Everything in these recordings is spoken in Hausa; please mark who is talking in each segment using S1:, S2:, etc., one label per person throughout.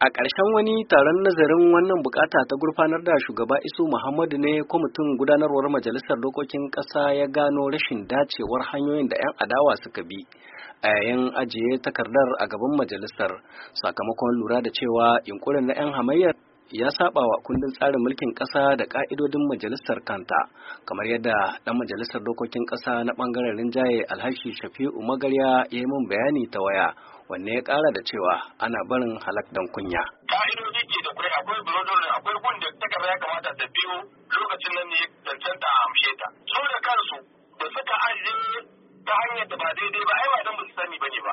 S1: A ƙarshen wani taron nazarin wannan bukata ta gurfanar da shugaba Isu Muhammadu ne kwamitin gudanarwar Majalisar Dokokin Ƙasa ya gano rashin dacewar hanyoyin da 'yan adawa suka bi a yayin ajiye takardar a gaban majalisar sakamakon lura da cewa yunkurin na 'yan hamayyar ya saba wa kundin tsarin mulkin ƙasa da ƙa'idodin majalisar kanta kamar yadda ɗan majalisar dokokin ƙasa na ɓangaren rinjaye alhashi shafi'u magarya ya yi min bayani ta waya wanne ya ƙara da cewa ana barin halak kunya. Ƙa'idodi ke da kwai akwai bulodon akwai da ya kamata ta biyo lokacin
S2: nan ne a amshe ta. Su da kansu da suka ajiye ta hanyar da ba daidai ba ai ba don ba su sani ba ne ba.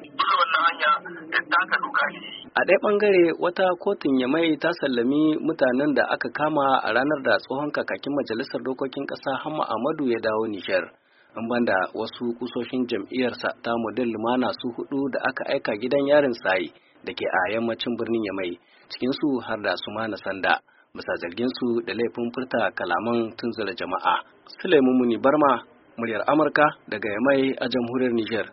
S2: bi wannan hanya doka shi.
S1: A ɗaya ɓangare wata kotun Yamai ta sallami mutanen da aka kama a ranar da tsohon kakakin majalisar dokokin ƙasa Hamma Amadu ya dawo Nijar. An banda wasu kusoshin jam'iyyarsa ta model lumana su hudu da aka aika gidan yarin sayi da ke a yammacin birnin Yamai cikinsu har da su mana Sanda. Bisa zarginsu da laifin furta kalaman tunzura jama'a. Sulaimu Muni Barma, muryar Amurka daga Yamai a jamhuriyar Nijar.